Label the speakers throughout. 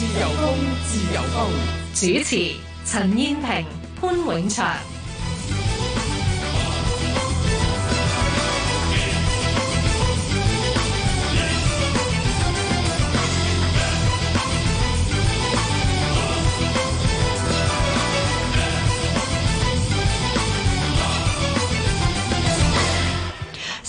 Speaker 1: 自由風，
Speaker 2: 自由風。
Speaker 1: 主持：陳燕萍、潘永祥。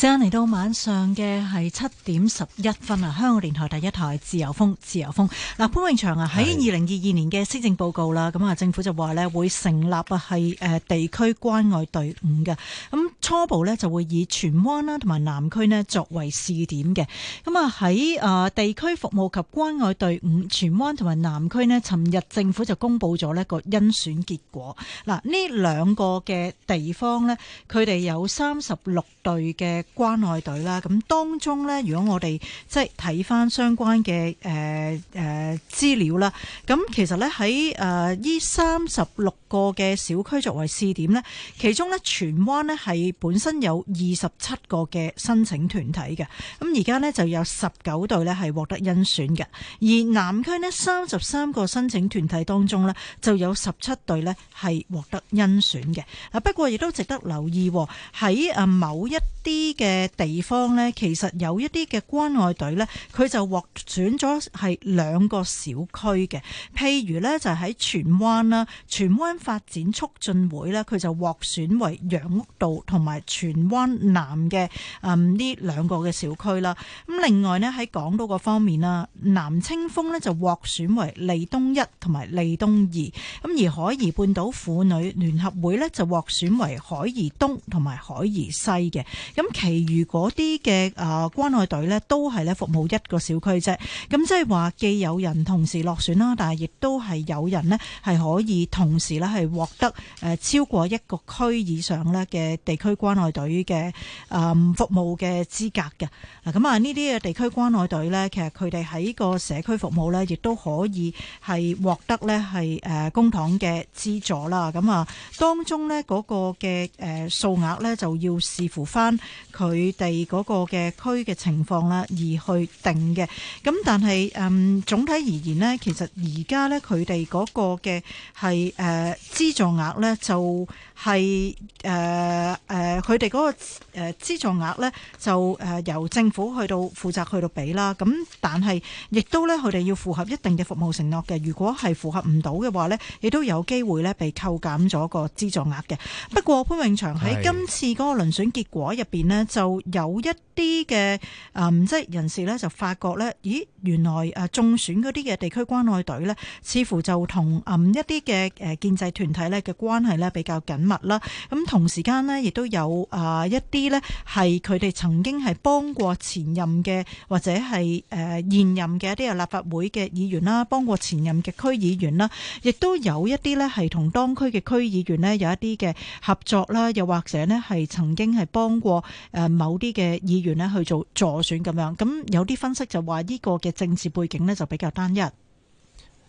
Speaker 1: 時間嚟到晚上嘅係七點十一分啊！香港電台第一台自由風自由風。嗱，潘永祥啊，喺二零二二年嘅施政報告啦，咁啊的，政府就話咧會成立啊係誒地區關愛隊伍嘅，咁。初步咧就會以荃灣啦同埋南區呢作為試點嘅，咁啊喺啊地區服務及關愛隊伍，荃灣同埋南區呢尋日政府就公布咗呢個甄選結果。嗱，呢兩個嘅地方呢，佢哋有三十六隊嘅關愛隊啦，咁當中呢，如果我哋即係睇返相關嘅誒誒資料啦，咁其實呢，喺誒呢三十六個嘅小區作為試點呢，其中呢，荃灣呢係，本身有二十七個嘅申請團體嘅，咁而家咧就有十九隊咧係獲得甄選嘅。而南區咧三十三個申請團體當中咧，就有十七隊咧係獲得甄選嘅。啊不過亦都值得留意喎，喺啊某一啲嘅地方咧，其實有一啲嘅關愛隊咧，佢就獲選咗係兩個小區嘅。譬如咧就喺荃灣啦，荃灣發展促進會咧佢就獲選為楊屋道同埋。係荃灣南嘅啊呢兩個嘅小區啦，咁另外呢，喺港島個方面啦，南青峰呢就獲選為利東一同埋利東二，咁而海怡半島婦女聯合會呢，就獲選為海怡東同埋海怡西嘅，咁其餘嗰啲嘅啊關愛隊咧都係咧服務一個小區啫，咁即係話既有人同時落選啦，但係亦都係有人呢，係可以同時咧係獲得誒超過一個區以上咧嘅地區。關愛隊嘅誒服務嘅資格嘅嗱，咁啊呢啲嘅地區關愛隊呢，其實佢哋喺個社區服務呢，亦都可以係獲得呢係誒、呃、公帑嘅資助啦。咁啊，當中呢嗰、那個嘅誒數額呢，就要視乎翻佢哋嗰個嘅區嘅情況啦，而去定嘅。咁、啊、但係誒、嗯、總體而言呢，其實而家呢，佢哋嗰個嘅係誒資助額呢，就係誒誒。呃呃誒佢哋嗰個資助額咧，就誒由政府去到負責去到俾啦。咁但係亦都咧，佢哋要符合一定嘅服務承諾嘅。如果係符合唔到嘅話咧，亦都有機會咧被扣減咗個資助額嘅。不過潘永祥喺今次嗰個遴選結果入邊咧，是就有一啲嘅誒，即係人士咧就發覺咧，咦，原來誒中選嗰啲嘅地區關愛隊咧，似乎就同暗一啲嘅建制團體咧嘅關係咧比較緊密啦。咁同時間咧，亦都。有啊一啲呢係佢哋曾經係幫過前任嘅，或者係誒現任嘅一啲立法會嘅議員啦，幫過前任嘅區議員啦，亦都有一啲呢係同當區嘅區議員呢有一啲嘅合作啦，又或者呢係曾經係幫過誒某啲嘅議員呢去做助選咁樣，咁有啲分析就話呢個嘅政治背景呢就比較單一，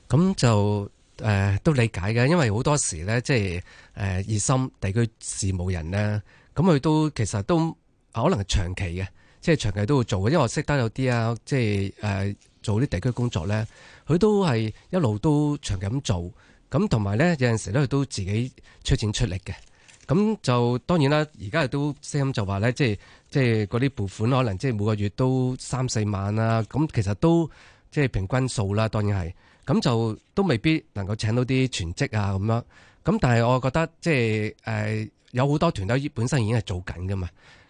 Speaker 2: 咁就。誒、呃、都理解嘅，因為好多時咧，即係誒熱心地區事務人咧，咁佢都其實都可能係長期嘅，即係長期都會做嘅。因為我識得有啲啊，即係誒、呃、做啲地區工作咧，佢都係一路都長期咁做。咁同埋咧，有陣時咧，佢都自己出錢出力嘅。咁就當然啦，而家亦都 Sam 就話咧，即係即係嗰啲撥款可能即係每個月都三四萬啦。咁其實都即係平均數啦，當然係。咁就都未必能夠請到啲全職啊，咁樣，咁。但係我覺得即係誒有好多團隊本身已經係做緊噶嘛。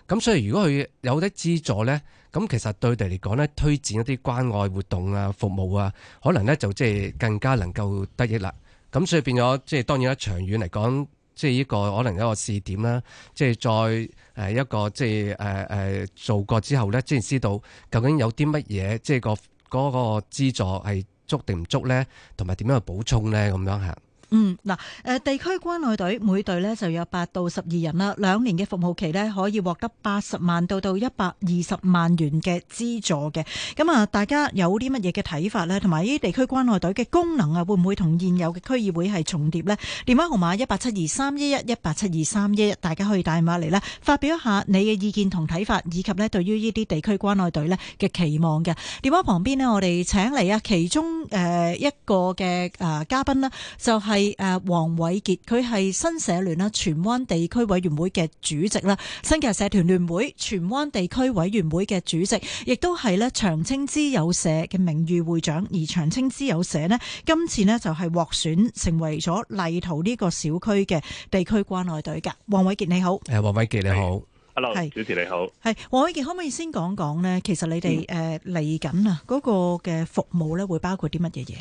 Speaker 2: 咁所以如果佢有啲資助咧，咁其實對佢哋嚟講咧，推薦一啲關愛活動啊、服務啊，可能咧就即係更加能夠得益啦。咁所以變咗即係當然啦，長遠嚟講，即係呢個可能一個試點啦。即係再誒一個即係誒誒做過之後咧，即係知道究竟有啲乜嘢，即係個嗰個資助係。足定唔足咧，同埋點樣去補充咧？咁樣吓。
Speaker 1: 嗯，嗱，誒，地區關愛隊每隊咧就有八到十二人啦，兩年嘅服務期咧可以獲得八十萬到到一百二十萬元嘅資助嘅。咁啊，大家有啲乜嘢嘅睇法咧？同埋呢啲地區關愛隊嘅功能啊，會唔會同現有嘅區議會係重疊咧？電話號碼一八七二三一一一八七二三一一，11，大家可以打電話嚟啦，發表一下你嘅意見同睇法，以及咧對於呢啲地區關愛隊咧嘅期望嘅。電話旁邊咧，我哋請嚟啊，其中誒一個嘅誒嘉賓咧，就係、是。係誒，黃偉杰，佢係新社聯啦，荃灣地區委員會嘅主席啦，新界社團聯會荃灣地區委員會嘅主席，亦都係咧長青之友社嘅名譽會長。而長青之友社呢，今次呢就係、是、獲選成為咗麗圖呢個小區嘅地區關愛隊噶。黃偉杰你好，
Speaker 2: 誒，黃偉杰你好，hello，係主持你好，
Speaker 1: 係黃偉杰，可唔可以先講講呢？其實你哋誒嚟緊啊，嗰的、呃、個嘅服務咧會包括啲乜嘢嘢？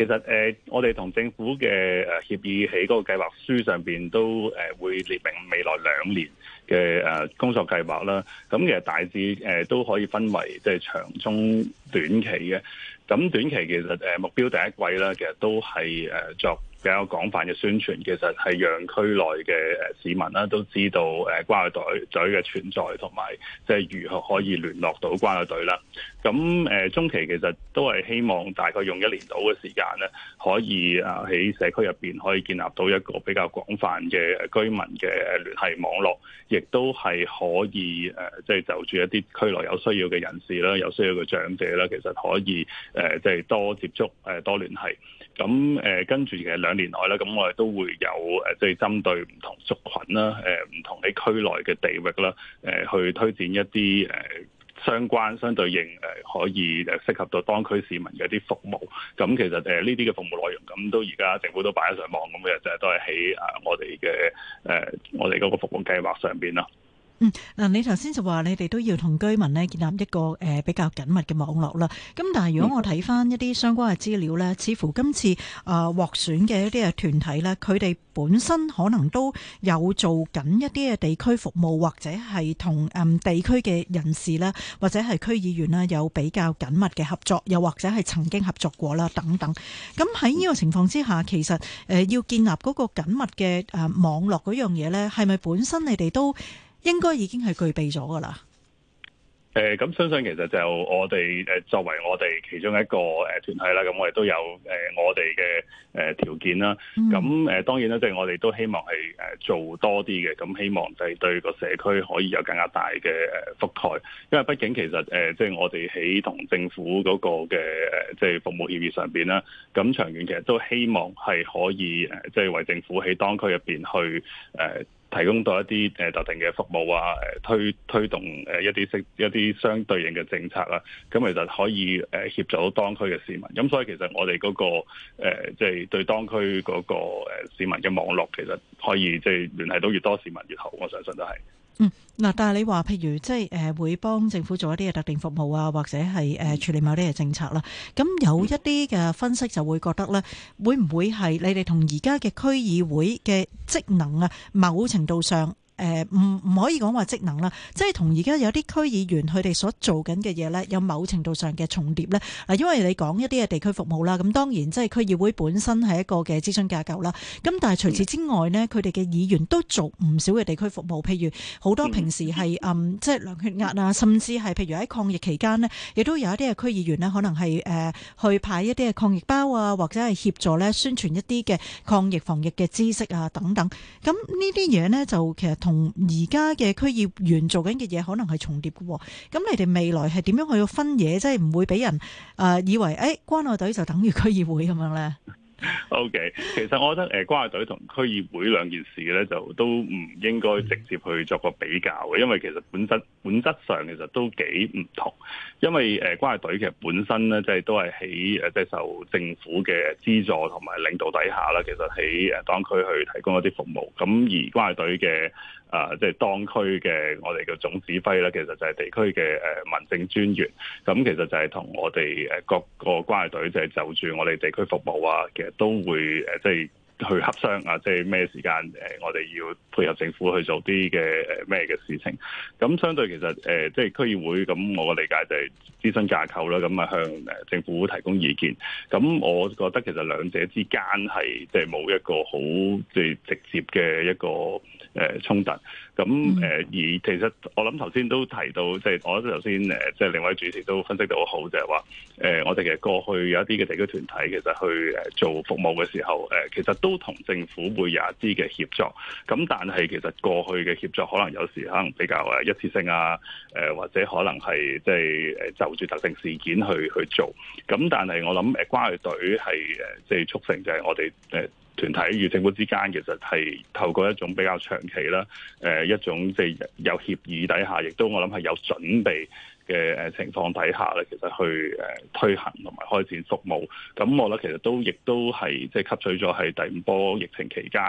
Speaker 3: 其實誒，我哋同政府嘅誒協議喺嗰個計劃書上面都誒會列明未來兩年嘅誒工作計劃啦。咁其實大致誒都可以分為即係長中短期嘅。咁短期其實誒目標第一季啦，其實都係誒作，比較廣泛嘅宣傳，其實係讓區內嘅市民咧都知道誒關愛隊隊嘅存在，同埋即係如何可以聯絡到關愛隊啦。咁誒中期其實都係希望大概用一年到嘅時間咧，可以啊喺社區入面可以建立到一個比較廣泛嘅居民嘅聯繫網絡，亦都係可以誒，即係就住一啲區內有需要嘅人士啦，有需要嘅長者啦，其實可以誒，即係多接觸誒多聯繫。咁誒跟住其實兩年內呢，咁我哋都會有即係、就是、針對唔同族群啦，呃、唔同喺區內嘅地域啦，呃，去推薦一啲誒，呃、相關相對應，呃、可以適合到當區市民嘅一啲服務。咁其實誒呢啲嘅服務內容，咁都而家政府都擺咗上網，咁嘅就都係喺誒我哋嘅，呃、我哋嗰個服務計劃上面啦。
Speaker 1: 嗯，嗱，你頭先就話你哋都要同居民呢建立一個誒比較緊密嘅網絡啦。咁但係如果我睇翻一啲相關嘅資料呢，似乎今次誒獲選嘅一啲嘅團體呢，佢哋本身可能都有做緊一啲嘅地區服務，或者係同誒地區嘅人士啦，或者係區議員啦有比較緊密嘅合作，又或者係曾經合作過啦等等。咁喺呢個情況之下，其實誒要建立嗰個緊密嘅誒網絡嗰樣嘢呢係咪本身你哋都？應該已經係具備咗噶啦。
Speaker 3: 誒，咁相信其實就我哋誒，作為我哋其中一個誒團體啦，咁我哋都有誒、呃、我哋嘅誒條件啦。咁誒、嗯呃，當然啦，即係我哋都希望係誒做多啲嘅。咁希望就係對個社區可以有更加大嘅誒覆蓋。因為畢竟其實誒，即係我哋喺同政府嗰個嘅即係服務協議上邊啦。咁長遠其實都希望係可以誒，即係為政府喺當區入邊去誒。呃提供到一啲誒特定嘅服務啊，誒推推動誒一啲相一啲相對應嘅政策啊，咁其實可以誒協助到當區嘅市民。咁所以其實我哋嗰個即係對當區嗰個市民嘅網絡，其實可以即係聯繫到越多市民越好。我相信都係。
Speaker 1: 嗯，嗱，但係你話，譬如即係誒，會幫政府做一啲嘅特定服務啊，或者係誒處理某啲嘅政策啦。咁有一啲嘅分析就會覺得咧，會唔會係你哋同而家嘅區議會嘅職能啊，某程度上？誒唔唔可以講話職能啦，即係同而家有啲區議員佢哋所做緊嘅嘢呢，有某程度上嘅重疊呢。嗱，因為你講一啲嘅地區服務啦，咁當然即係區議會本身係一個嘅諮詢架構啦。咁但係除此之外呢，佢哋嘅議員都做唔少嘅地區服務，譬如好多平時係、嗯、即係量血壓啊，甚至係譬如喺抗疫期間呢，亦都有一啲嘅區議員呢，可能係、呃、去派一啲嘅抗疫包啊，或者係協助呢，宣傳一啲嘅抗疫防疫嘅知識啊等等。咁呢啲嘢呢，就其實同同而家嘅區議員做緊嘅嘢可能係重疊嘅，咁你哋未來係點樣去分野？即係唔會俾人誒、呃、以為誒、哎、關愛隊就等於區議會咁樣咧
Speaker 3: ？O K，其實我覺得誒關愛隊同區議會兩件事咧，就都唔應該直接去作個比較嘅，嗯、因為其實本身本質上其實都幾唔同。因為誒關愛隊其實本身咧，即、就、係、是、都係喺誒即係受政府嘅資助同埋領導底下啦，其實喺誒當區去提供一啲服務。咁而關愛隊嘅啊，即係當區嘅我哋嘅總指揮咧，其實就係地區嘅、呃、民政專員。咁其實就係同我哋各個關愛隊，就係就住我哋地區服務啊。其實都會即係去洽商啊，即係咩時間誒我哋要配合政府去做啲嘅咩嘅事情。咁相對其實誒即係區議會，咁我嘅理解就係諮詢架構啦。咁啊向政府提供意見。咁我覺得其實兩者之間係即係冇一個好最直接嘅一個誒衝突，咁誒、嗯、而其實我諗頭先都提到，即、就、係、是、我頭先即係另外一位主持都分析得好好，就係話誒我哋其實過去有一啲嘅地區團體其實去做服務嘅時候，其實都同政府會有一啲嘅協作，咁但係其實過去嘅協作可能有時可能比較一次性啊，誒或者可能係即係就住特定事件去去做，咁但係我諗關愛隊係即係促成就係我哋誒。團體與政府之間，其實係透過一種比較長期啦，誒，一種即係有協議底下，亦都我諗係有準備。嘅誒情況底下咧，其實去誒推行同埋開展服務，咁我覺得，其實都亦都係即係吸取咗喺第五波疫情期間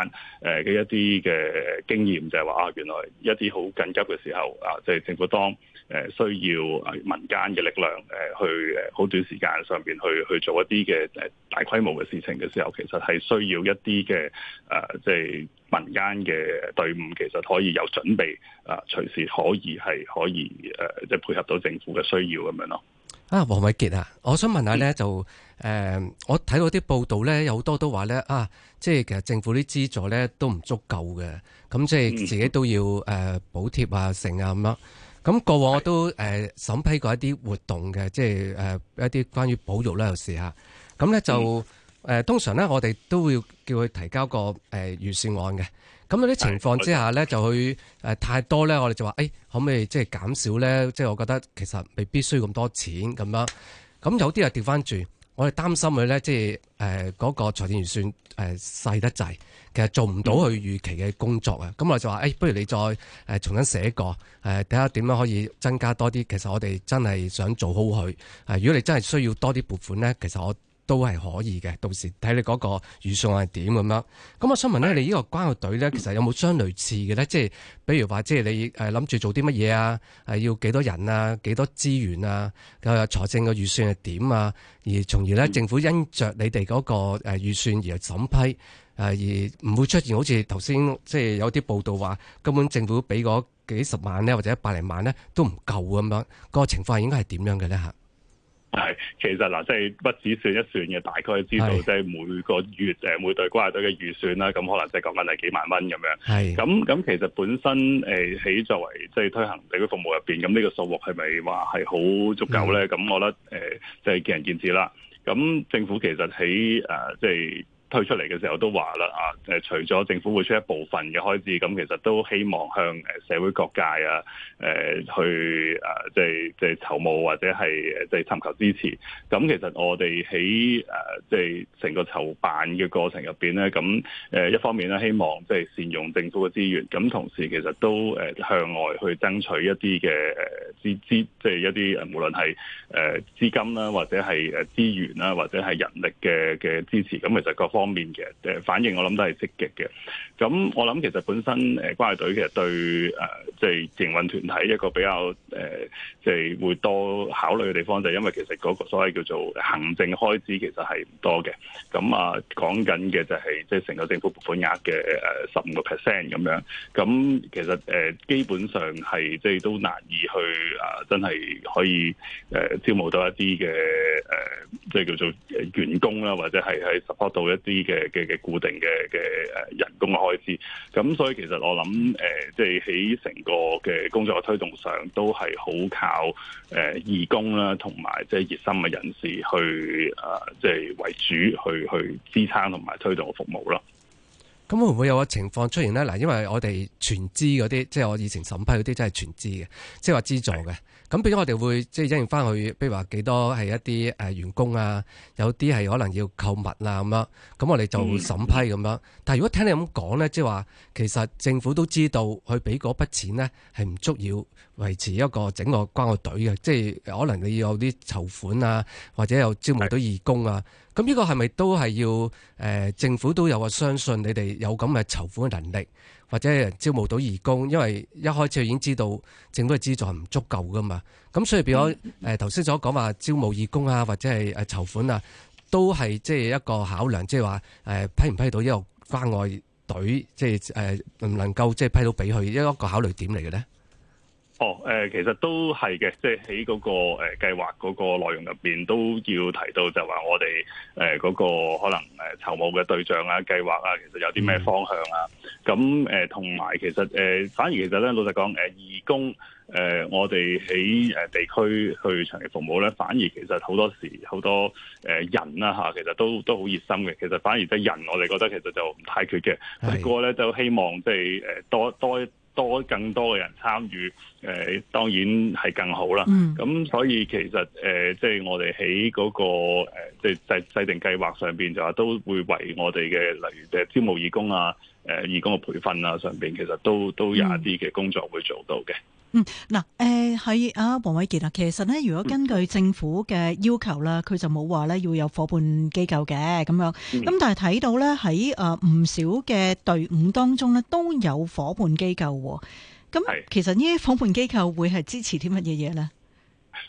Speaker 3: 誒嘅一啲嘅經驗，就係話啊，原來一啲好緊急嘅時候啊，即係政府當誒需要民間嘅力量誒去誒好短時間上邊去去做一啲嘅誒大規模嘅事情嘅時候，其實係需要一啲嘅誒即係。啊就是民間嘅隊伍其實可以有準備啊，隨時可以係可以誒、呃，即係配合到政府嘅需要咁樣咯。
Speaker 2: 啊，黃偉傑啊，我想問下咧，嗯、就誒、呃，我睇到啲報道咧，有好多都話咧啊，即係其實政府啲資助咧都唔足夠嘅，咁即係自己都要誒、呃、補貼啊剩啊咁樣。咁、那、過、個、往我都誒是、呃、審批過一啲活動嘅，即係誒一啲關於保育啦事嚇。咁咧就。嗯誒，通常咧，我哋都會叫佢提交個誒預算案嘅。咁有啲情況之下咧，就佢誒太多咧，我哋就話誒可唔可以即係減少咧？即係我覺得其實未必需要咁多錢咁樣。咁有啲就調翻轉，我哋擔心佢咧，即係誒嗰個財政預算誒細得滯，其實做唔到佢預期嘅工作啊。咁、嗯、我就話誒、哎，不如你再誒重新寫一個誒，睇下點樣可以增加多啲。其實我哋真係想做好佢，呃。如果你真係需要多啲撥款咧，其實我。都係可以嘅，到時睇你嗰個預算係點咁樣。咁我想問咧，你呢個關愛隊咧，其實有冇相類似嘅咧？即係比如話，即係你誒諗住做啲乜嘢啊？係要幾多人啊？幾多資源啊？嘅財政嘅預算係點啊？而從而咧，政府因着你哋嗰個誒預算而審批，而唔會出現好似頭先即係有啲報道話根本政府俾嗰幾十萬呢，或者一百零萬呢，都唔夠咁樣。個情況應該係點樣嘅咧？吓
Speaker 3: 係，其實嗱，即、就、係、是、不止算一算嘅，大概知道即係是每個月誒、呃、每隊關愛隊嘅預算啦，咁可能即係講緊係幾萬蚊咁樣。係是，咁咁其實本身誒喺、呃、作為即係推行你個服務入邊，咁呢個數目係咪話係好足夠咧？咁、嗯、我覺得誒即係見仁見智啦。咁政府其實喺誒即係。呃就是推出嚟嘅時候都話啦啊，誒，除咗政府會出一部分嘅開支，咁其實都希望向誒社會各界啊誒、啊、去誒即係即係籌募或者係誒即係尋求支持。咁其實我哋喺誒即係成個籌辦嘅過程入邊咧，咁誒一方面咧希望即係善用政府嘅資源，咁同時其實都誒向外去爭取一啲嘅誒資資即係一啲誒無論係誒資金啦，或者係誒資源啦，或者係人力嘅嘅支持。咁其實各方。方面嘅誒反應我諗都係積極嘅。咁我諗其實本身誒關愛隊其實對誒即係營運團體一個比較誒即係會多考慮嘅地方，就係、是、因為其實嗰個所謂叫做行政開支其實係唔多嘅。咁啊講緊嘅就係即係成個政府撥款額嘅誒十五個 percent 咁樣，咁其實誒、呃、基本上係即係都難以去啊，真係可以誒、呃、招募到一啲嘅誒即係叫做員工啦，或者係喺 support 到一啲。啲嘅嘅嘅固定嘅嘅誒人工嘅開支，咁所以其實我諗誒，即係喺成個嘅工作嘅推動上，都係好靠誒義工啦，同埋即係熱心嘅人士去誒，即係為主去去支撐同埋推動嘅服務咯。
Speaker 2: 咁會唔會有個情況出現呢？嗱，因為我哋全資嗰啲，即係我以前審批嗰啲，真係全資嘅，即係話資助嘅。咁變咗我哋會即係因應翻去，比如話幾多係一啲誒員工啊，有啲係可能要購物啊咁樣。咁我哋就審批咁樣。嗯、但係如果聽你咁講呢，即係話其實政府都知道佢俾嗰筆錢呢係唔足要。維持一個整個關愛隊嘅，即係可能你要有啲籌款啊，或者有招募到義工啊，咁呢個係咪都係要誒、呃，政府都有話相信你哋有咁嘅籌款嘅能力，或者招募到義工？因為一開始已經知道政府嘅資助係唔足夠噶嘛，咁所以變咗誒頭先所講話招募義工啊，或者係誒籌款啊，都係即係一個考量，即係話誒批唔批到一個關愛隊，即係誒能唔能夠即係批到俾佢，一個考慮點嚟嘅咧？
Speaker 3: 哦，誒、呃，其實都係嘅，即係喺嗰個誒、呃、計劃嗰個內容入邊都要提到就是說，就話我哋誒嗰個可能誒籌募嘅對象啊、計劃啊，其實有啲咩方向啊？咁誒，同、呃、埋其實誒、呃，反而其實咧，老實講，誒、呃、義工誒、呃，我哋喺誒地區去長期服務咧，反而其實好多時好多誒人啦、啊、嚇，其實都都好熱心嘅。其實反而即係人，我哋覺得其實就唔太缺嘅。不過咧，就希望即係誒多多。多多更多嘅人參與，誒、呃、當然係更好啦。咁、mm. 所以其實誒，即、呃、係、就是、我哋喺嗰個即係制制定計劃上邊，就話都會為我哋嘅，例如誒招募義工啊、誒、呃、義工嘅培訓啊上邊，其實都都有一啲嘅工作會做到嘅。Mm.
Speaker 1: 嗯，嗱、嗯，誒、啊，係阿黃偉傑啊，其實咧，如果根據政府嘅要求啦，佢、嗯、就冇話咧要有伙伴機構嘅咁樣，咁、嗯、但係睇到咧喺誒唔少嘅隊伍當中咧都有伙伴機構、哦，咁其實呢啲伙伴機構會係支持啲乜嘢嘢咧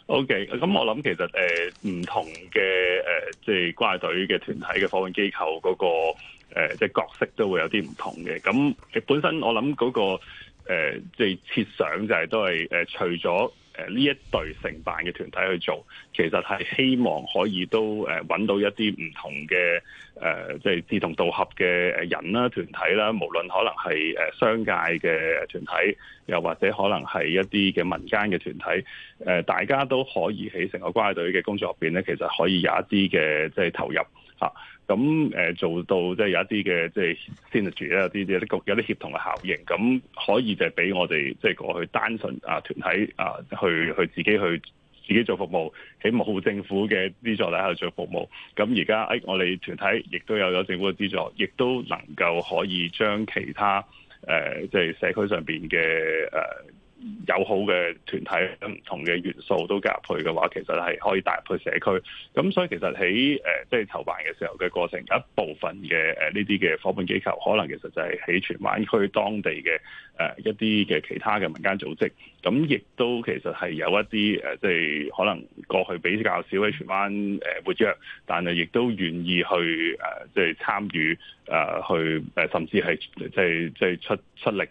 Speaker 3: ？OK，咁我諗其實誒唔、呃、同嘅誒、呃、即關係關愛隊嘅團體嘅伙伴機構嗰、那個誒、呃、即係角色都會有啲唔同嘅，咁本身我諗嗰、那個。誒，即係、呃就是、設想就係都係誒、呃，除咗誒呢一隊承辦嘅團體去做，其實係希望可以都誒揾到一啲唔同嘅誒，即係志同道合嘅人啦、團體啦，無論可能係誒商界嘅團體，又或者可能係一啲嘅民間嘅團體，誒、呃、大家都可以喺成個關愛隊嘅工作入邊咧，其實可以有一啲嘅即係投入吓咁誒做到即係有一啲嘅即係 synergy 啦，啲啲有啲協同嘅效應，咁可以就係俾我哋即係過去單純啊團體啊去去自己去自己做服務，喺冇政府嘅資助底下做服務。咁而家誒我哋團體亦都有有政府嘅資助，亦都能夠可以將其他誒即係社區上邊嘅誒。呃友好嘅團體，咁唔同嘅元素都加入去嘅話，其實係可以帶入去社區。咁所以其實喺即係籌辦嘅時候嘅過程，有一部分嘅呢啲嘅伙伴機構，可能其實就係喺荃灣區當地嘅、呃、一啲嘅其他嘅民間組織。咁亦都其實係有一啲即係可能過去比較少喺荃灣、呃、活躍，但係亦都願意去即係、呃即係、參與、呃、去甚至係即係即係出出力。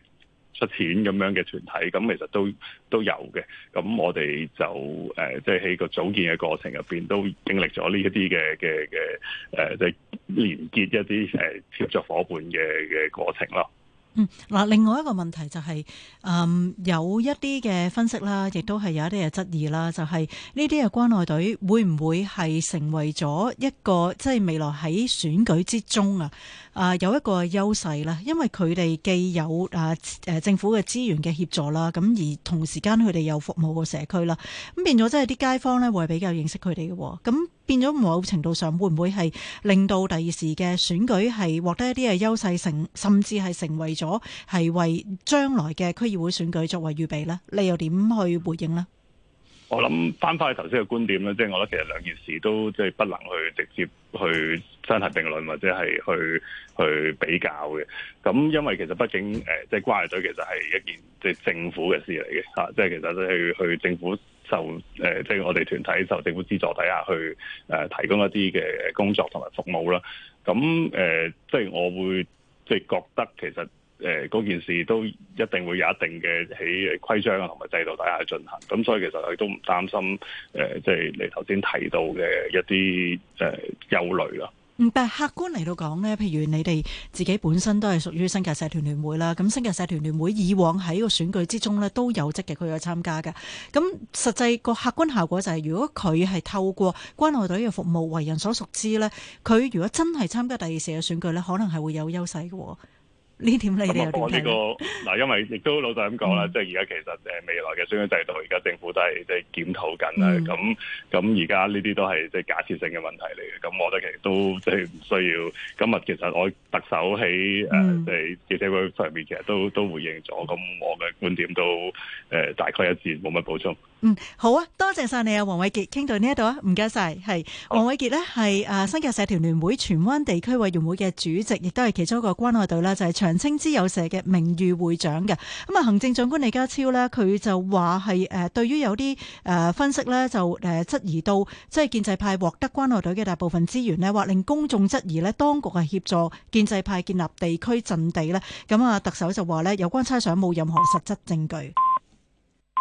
Speaker 3: 出錢咁樣嘅團體，咁其實都都有嘅。咁我哋就誒，即係喺個組建嘅過程入邊，都經歷咗呢一啲嘅嘅嘅誒，即係、呃就是、連結一啲誒協作伙伴嘅嘅過程咯。
Speaker 1: 嗯，嗱，另外一個問題就係、是，嗯，有一啲嘅分析啦，亦都係有一啲嘅質疑啦，就係呢啲嘅關愛隊會唔會係成為咗一個即係、就是、未來喺選舉之中啊，啊，有一個優勢啦，因為佢哋既有啊誒、啊、政府嘅資源嘅協助啦，咁而同時間佢哋又服務個社區啦，咁變咗即係啲街坊咧會比較認識佢哋嘅咁。變咗某程度上會唔會係令到第二時嘅選舉係獲得一啲嘅優勢，成甚至係成為咗係為將來嘅區議會選舉作為預備呢？你又點去回應呢？
Speaker 3: 我諗翻翻去頭先嘅觀點咧，即係我覺得其實兩件事都即係不能去直接去相提並論或者係去去比較嘅。咁因為其實畢竟誒，即係關愛隊其實係一件即係政府嘅事嚟嘅吓，即係其實都係去，去政府。就誒，即係我哋團體受政府資助底下去誒，提供一啲嘅工作同埋服務啦。咁誒，即係我會即係覺得其實誒嗰件事都一定會有一定嘅喺規章同埋制度底下進行。咁所以其實佢都唔擔心誒，即係你頭先提到嘅一啲誒憂慮啦。
Speaker 1: 嗯，但客觀嚟到講呢，譬如你哋自己本身都係屬於新界社團聯會啦，咁新界社團聯會以往喺個選舉之中呢，都有積極去參加㗎。咁實際個客觀效果就係、是，如果佢係透過關愛隊嘅服務為人所熟知呢，佢如果真係參加第二次嘅選舉呢，可能係會有優勢嘅。呢點你哋點睇？咁呢、
Speaker 3: 呢個嗱，因為亦都老實咁講啦，即係而家其實誒未來嘅選舉制度，而家政府都係即係檢討緊啦。咁咁而家呢啲都係即係假設性嘅問題嚟嘅。咁我覺得其實都即係唔需要。今日其實我特首喺誒即係記者會上面其實都都回應咗。咁我嘅觀點都誒、呃、大概一致，冇乜補充。嗯，
Speaker 1: 好啊，多謝晒你啊，黃偉傑，傾到這裡謝謝好呢一度啊，唔該晒。係黃偉傑咧，係誒新界社團聯會荃灣地區委員會嘅主席，亦都係其中一個關愛隊啦，就係長。長青之友社嘅名譽會長嘅咁啊，行政長官李家超呢，佢就話係誒，對於有啲誒分析呢就誒質疑到，即係建制派獲得關愛隊嘅大部分資源呢，或令公眾質疑呢，當局係協助建制派建立地區陣地呢咁啊，特首就話呢，有關猜想冇任何實質證據。